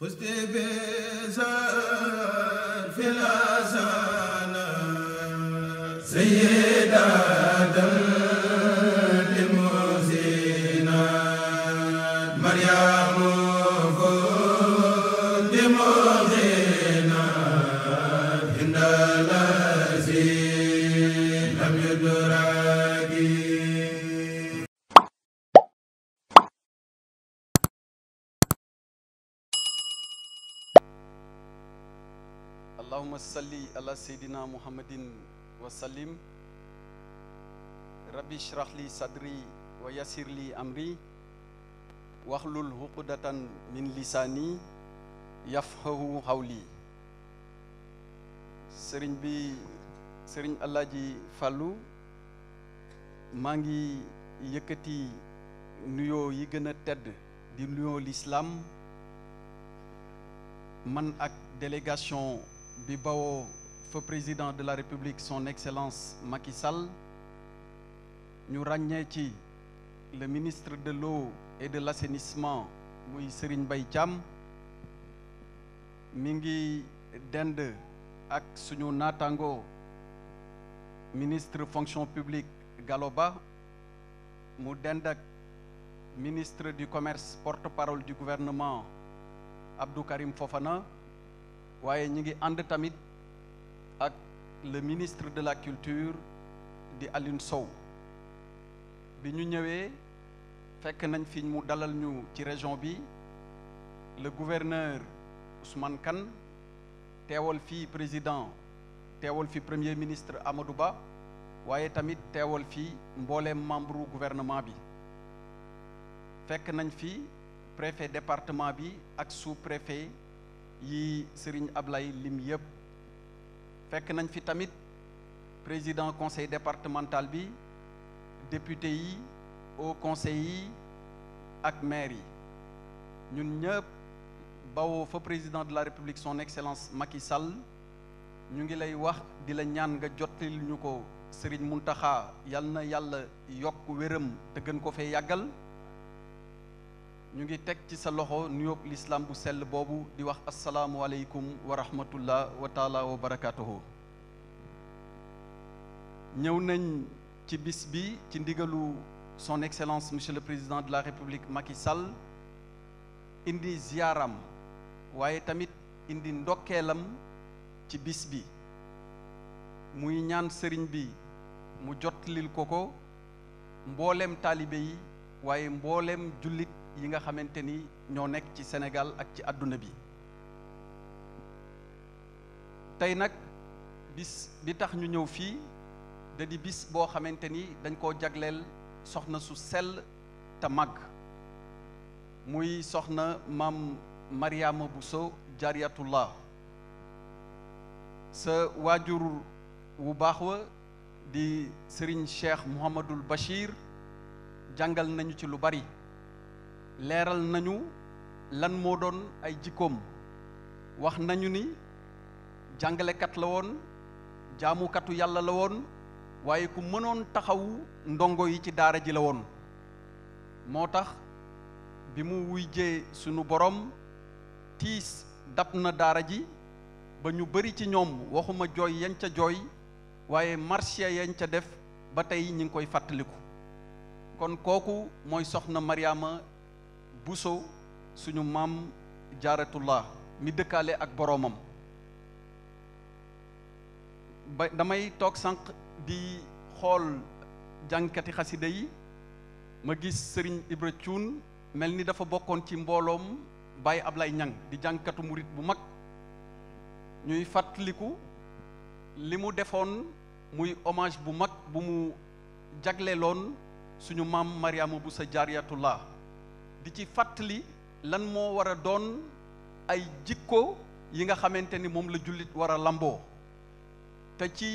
فزت بزار في الأزانة سيدة allahuma salli ala seydina muhammadin wa sallim rabbi shrah li sadri wa yassir li amri waxlul huqudatan min lisaani yafqahu xawli sëriñ bi sëriñ Alaaji Fàllu maa ngi yëkkati nuyoo yi gën a tedd di nuyoo lislaam man ak délégation bi bawoo fa président de la république son excellence Macky Sall ñu ràññee ci le ministre de l'eau et de l'assainissement muy Serigne bay jàmm mi ngi dend ak suñu naataango ministre fonction publique galo Ba mu dend ak ministre du commerce porte-parole du gouvernement Abdou Karim Fofana waaye ñu ngi ànd tamit ak le ministre de la culture di Alioune Sow bi ñu ñëwee fekk nañ fi mu dalal ñu ci région bi le gouverneur Ousmane kan teewal fii président teewal fi premier ministre amadu Ba waaye tamit teewal fii mbooleem membre gouvernement bi fekk nañ fi préfet département bi ak sous-préfet yi Serigne Ablaye lim yëpp fekk nañ fi tamit président conseil départemental bi député yi au conseil yi ak maire yi ñun ñëpp bawoo fa président de la république son excellence Macky Sall ñu ngi lay wax di la ñaan nga jotil ñu ko Serigne taxa yal na yàlla yokk wéram te gën ko fee yàggal ñu ngi teg ci sa loxo nuyóob lislaam bu sell boobu di wax asalaamualeykum wa rahmatullah wa wa barakatuhu ñëw nañ ci bis bi ci ndigalu son excellence monsieur le président de la république Macky Sall indi ziaram waaye tamit indi ndokkeelam ci bis bi muy ñaan sëriñ bi mu jotlil ko ko mbooleem taalibe yi waaye mbooleem jullit yi nga xamante ni ñoo nekk ci Sénégal ak ci àdduna bi tey nag bis bi tax ñu ñëw fii da di bis boo xamante ni dañ koo jagleel soxna su sell te mag muy soxna maam bu Bousso Jaariyatullah sa waajur wu baax wa di sëriñ Cheikh Mouhamadul Bachir jàngal nañu ci lu bari leeral nañu lan moo doon ay jikkoom wax nañu ni jàngalekat la woon jaamukatu yàlla la woon waaye ku mënoon taxawu ndongo yi ci daara ji la woon moo tax bi mu wuyjee sunu boroom tiis dab na daara ji ba ñu bari ci ñoom waxuma jooy yañ ca jooy waaye marché yañ ca def ba tey ñi ngi koy fàttaliku kon kooku mooy soxna Mariama Bousso suñu maam jaaratullah mi dëkkaale ak boroomam ba damay toog sànq di xool jànkati xasida yi ma gis sëriñ Ibra Thioune mel ni dafa bokkoon ci mbooloom Baye Ablaye Niang di jànkatu murit bu mag ñuy fàttaliku li mu defoon muy hommage bu mag bu mu jagleeloon suñu maam Mariama Bousso Jaaratullaah di ci fàttali lan moo war a doon ay jikko yi nga xamante ni moom la jullit war a lamboo te ci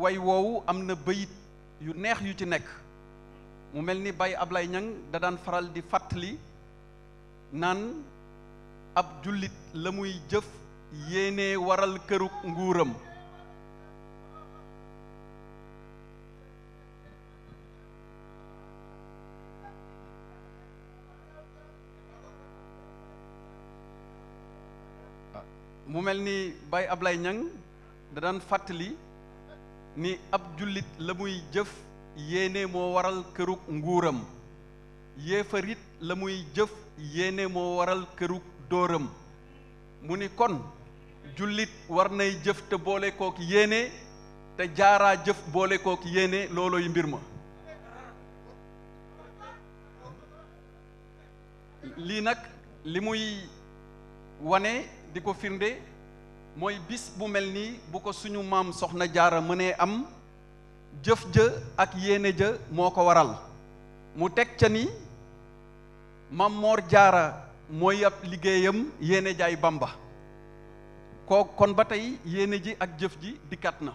way woowu am na bayit yu neex yu ci nekk mu mel ni Baye Ablaye Ñang da daan faral di fàttali naan ab jullit la muy jëf yéene waral këru nguuram mu mel ni Baye Ablaye ñaŋ da daan fàttali ni ab jullit la muy jëf yéene moo waral kërug nguuram yéefarit la muy jëf yéene moo waral kërug dóoram mu ni kon jullit war nay jëf te boole kook yéene te jaaraa jëf boole kook yéene loolooy mbir ma lii nag li muy wane di ko firnde mooy bis bu mel nii bu ko suñu maam soxna jaara mënee am jëf ja ak yéene ja moo ko waral mu teg ca ni maam moor jaara mooy ab liggéeyam yéene jaay bamba kook kon ba tey yéene ji ak jëf ji dikkat na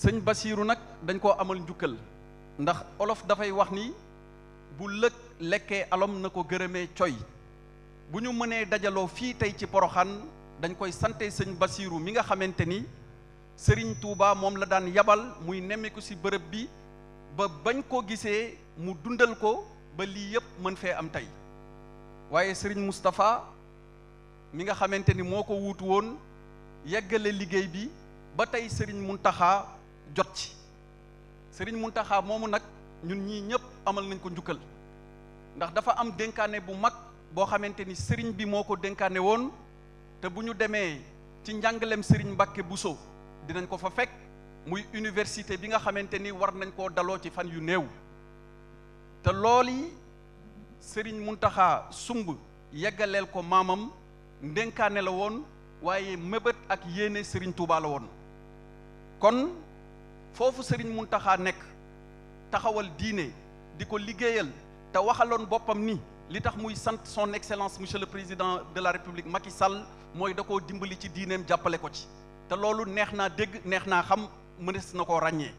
sëñ basiiru nag dañ koo amal njukkal ndax olof dafay wax ni bu lëg lekkee alom na ko gërëmee coy bu ñu mënee dajaloo fii tey ci poroxaan dañ koy sante sëñ Basiiru mi nga xamante ni sëriñ Touba moom la daan yabal muy nemmiku ci bërëb bi ba bañ koo gisee mu dundal ko ba lii yëpp mën fee am tey waaye sëriñ Moustapha mi nga xamante ni moo ko wuutu woon yeggale liggéey bi ba tey sëriñ Muntaxa jot ci sëriñ Muntaxa moomu nag ñun ñii ñëpp amal nañ ko njukkal ndax dafa am dénkaane bu mag boo xamante ni sëriñ bi moo ko dénkaane woon te bu ñu demee ci njàngalem sëriñ bu Bousso dinañ ko fa fekk muy université bi nga xamante ni war nañ koo daloo ci fan yu néew te lool yi sëriñ Muntaxa sumb yeggaleel ko maamam ndénkaane la woon waaye mébét ak yéene sëriñ Touba la woon kon foofu sëriñ Muntaxa nekk taxawal diine di ko liggéeyal te waxaloon boppam ni li tax muy sant son excellence monsieur le président de la république Macky Sall mooy da koo dimbali ci diineem jàppale ko ci te loolu neex naa dégg neex naa xam mënees na koo ràññee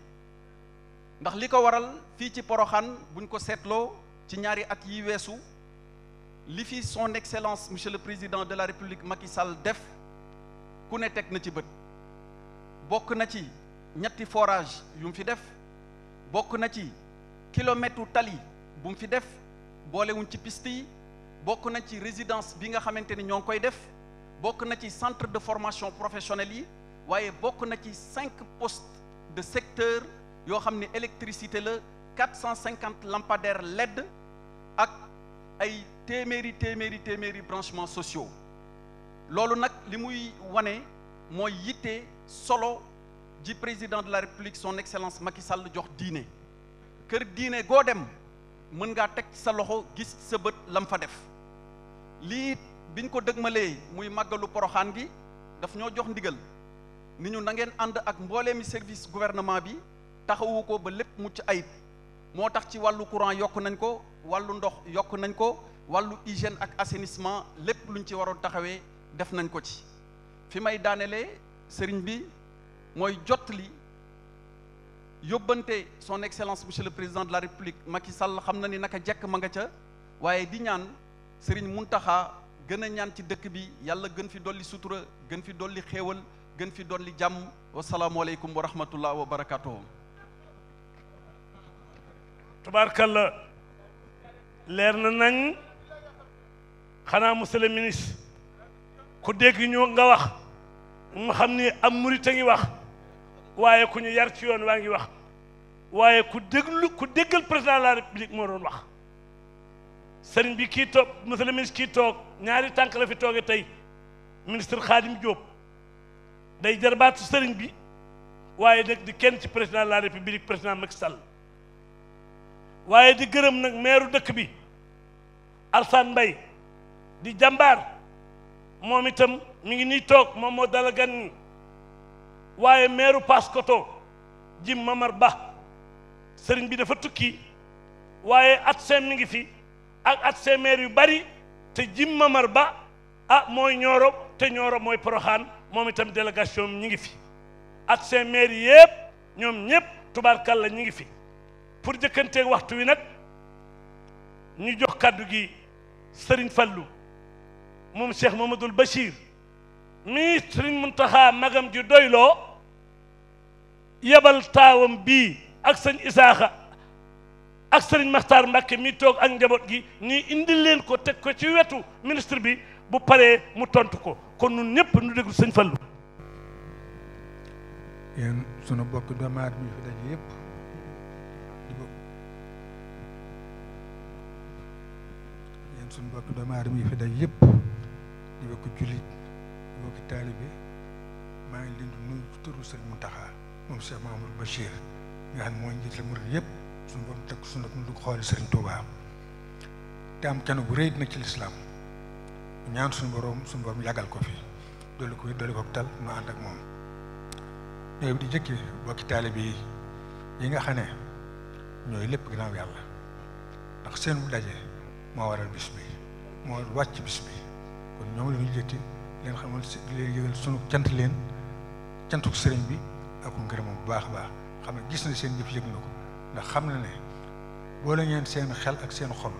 ndax li ko waral fii ci Poroxaan buñ ko seetloo ci ñaari at yi weesu li fi son excellence monsieur le président de la république Macky Sall def ku ne teg na ci bët bokk na ci ñetti forage yu mu fi def bokk na ci kilomètre tali bu fi def boolewuñ ci piste yi bokk na ci résidence bi nga xamante ni ñoo ngi koy def bokk na ci centre de formation professionnelle yi waaye bokk na ci cinq postes de secteur yoo xam ni électricité la quatre cent cinquante lampadaires LED ak ay téeméeri téeméeri téeméeri branchements sociaux loolu nag li muy wane mooy yitte solo ji président de la république son excellence Macky Sall jox diine kër diine goo dem mën ngaa teg sa loxo gis sa bët lam fa def lii biñ ko dëgmalee muy màggalu poroxaan gi daf ñoo jox ndigal ni ñu na ngeen ànd ak mbooleemi service gouvernement bi taxawu ko ba lépp mucc ayib moo tax ci wàllu courant yokk nañ ko wàllu ndox yokk nañ ko wàllu hygiène ak assainissement lépp luñ ci waroon taxawee def nañ ko ci fi may daanelee sëriñ bi mooy jot li yóbbante son excellence monsieur le président de la république Macky Sall xam na ni naka jekk ma nga ca waaye di ñaan Serigne Mountakha gën a ñaan ci dëkk bi yàlla gën fi dolli sutura gën fi dolli xéewal gën fi dolli jàmm wasalaamualeykum wa rahmatullah wa barakatuhu tubaarkalla leer na nañ xanaa monsieur le ministre ku dégg ñu nga wax mu xam ni am murit a ngi wax waaye ku ñu yar ci yoon waa ngi wax waaye ku déglu ku déggal président la république moo doon wax sëriñ bi kii toog monsieur le ministre kii toog ñaari tànk la fi tooge tey ministre Khadim Diop day jarbaatu sëriñ bi waaye nag di kenn ci président la république président Macky Sall waaye di gërëm nag meeru dëkk bi Alsane mbay di jàmbaar moom itam mi ngi nii toog moom moo dala waaye meeru Paskoto Jim Mamar Ba sëriñ bi dafa tukki waaye at seen mi ngi fi ak at seen meer yu bari te Jim Mamar Ba ah mooy Nioro te Nioro mooy Porokhane moom itam délégation ñi ngi fi at seen meer yépp ñoom ñépp tubaarkàlla ñi ngi fi pour jëkkanteeg waxtu wi nag ñu jox kàddu gi sëriñ Fallu moom Cheikh Mamadul Bachir mii sëriñ Muntaxa magam ju doyloo yebal taawam bii ak sëñ Isaaxa ak sëriñ Maxtaar Mbàkke mi toog ak njaboot gi ñuy indi leen ko teg ko ci wetu ministre bi bu pare mu tontu ko kon nun ñëpp nu déglu sëñ Fallu yéen sunu bokk domaar bi fi daje yëpp yéen sunu bokk fi daje yëpp di bokk jullit mbokki taalibe maa ngi leen di nuyu turu sëñ Muntaxa moom Cheikh Mamadou Bachir nga xam mooy njiital murid yëpp suñu borom su suñu nag lu xooli sëriñ Touba te am rëy nag ci lislaam ñaan suñu borom suñu borom yàggal ko fi dolli ko dolli ko tal ma ànd ak moom yooyu di jëkki mbokki taalibe yi nga xam ne ñooy lépp ginnaaw yàlla ndax seen bu waral bis bi moo wàcc bis bi kon ñoom la ñuy jëtti leen xamal si leen yëgal sunu cant leen cantuk sëriñ bi ak ngërëmam bu baax a baax xam ne gis na seen jëf yëg na ko ndax xam na ne boole ngeen seen xel ak seen xol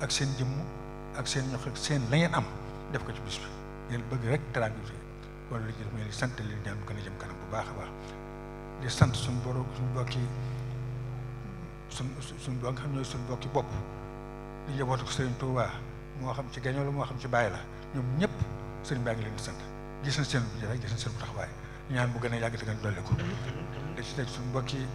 ak seen jëmm ak seen ñox ak seen la am def ko ci bis bëgg rek teraanga bi wala li jëf sant leen ñaan gën kanam bu baax a baax di sant suñu borom suñu bokki suñ suñ ba xam ñooy suñ bokki bopp di njabootu ko moo xam ci gañoo moo xam ci bàyyi la ñoom ñëpp sëriñ baa ngi leen sant gis na seen bu jëf gis na seen bu taxawaay ñaan bu gën a yàgg te gën a dolli ko da ci teg suñu mbokki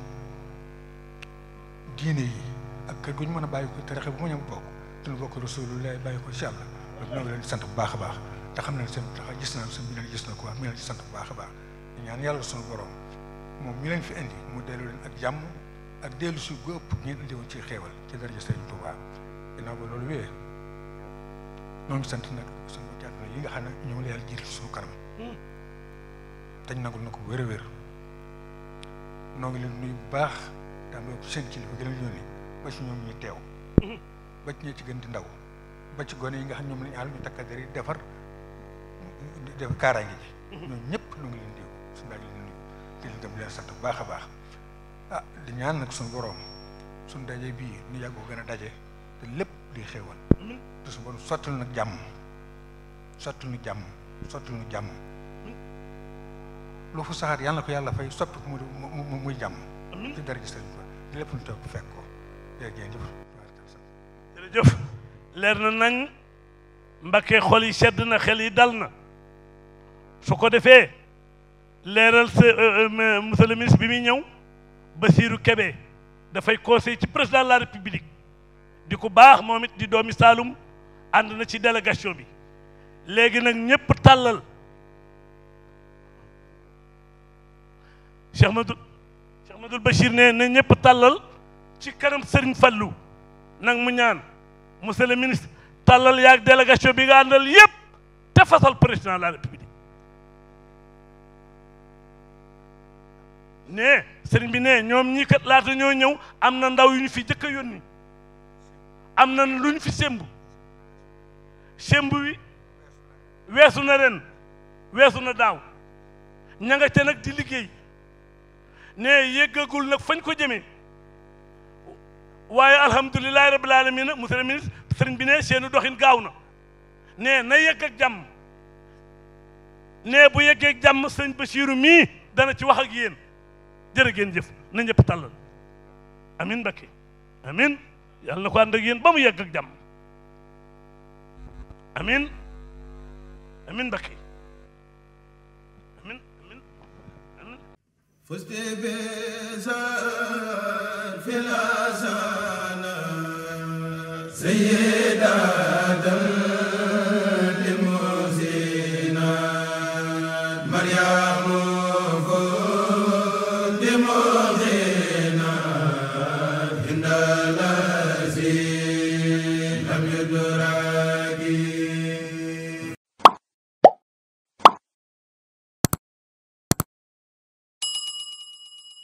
diine yi ak kër gu ñu mën a bàyyi ko tarixa bu mu ñëw bokk suñu bokk rasulullah bàyyi ko incha allah loolu ñoo ngi leen sant bu baax a baax te xam nañ seen bu gis na seen bi leen gis na ko mi ngi leen bu baax baax ñaan yàlla suñu borom moom mi leen fi indi mu dellu leen ak jàmm ak dellu si gu ëpp ngeen indi woon ci xéewal ci daraja sëriñ Tuubaa ginnaaw ba loolu wéyee ñoo ngi sant nag yi nga xam ne ñoom la yàlla jiital suñu kanam tañ nangul na ko wér a wér noo ngi leen nuyu bu baax daam ko seen ci ñoom ñu teew ba ci ñee ci gën di ndaw ba ci gone yi nga xam ñoom lañu àll ñu takkader yi defar def kaaraange ji ñëpp lu ngi leen di suñu daal leen nuyu di leen dem leen sant bu baax a baax ah di ñaan nag suñu borom suñu daje bii ñu yàggoo ko gën a daje te lépp di xéewal te suñu borom sottal nag jàmm sotti nu jàmm sotti nu jàmm lu fu saxaat yàlla na ko yàlla fay soppi ko mu muy jàmm ci dara gis nañu ko leer na nañ mbakke xol yi sedd na xel yi dal na su ko defee leeral sa euh, euh, monsieur le ministre bi muy ñëw Basirou kebe dafay conseil ci président la république di ko baax moom it di doomi Saalum ànd na ci délégation bi léegi nag ñépp tàllal Cheikh Madou Cheikh Madou Bachir ne na ñépp tàllal ci kanam Serigne Fallou nag mu ñaan monsieur le ministre tàllal yaag délégation bi nga àndal yépp te fasal président de la république ne sëriñ bi ne ñoom ñii kat laata ñoo ñëw am na ndaw yu ñu fi jëkk a am na lu ñu fi sémb sémb wi weesu na ren weesu na daaw ña nga ca nag di liggéey ne yëggagul nag fañ ko jëmee waaye alhamdulilahi rabbil alamina monsieur le ministre sëriñ bi ne seeni doxin gaaw na ne na yegg ak jàmm ne bu yeggee jàmm sëriñ Basiiru mii dana ci wax ak yéen jërë ngeen jëf na ñëpp tàllal amin Mbakke amin yàlla na ko ànd ak yéen ba mu yegg ak jàmm amin amin Mbakke amin amin amin fusti bi sa fi la sana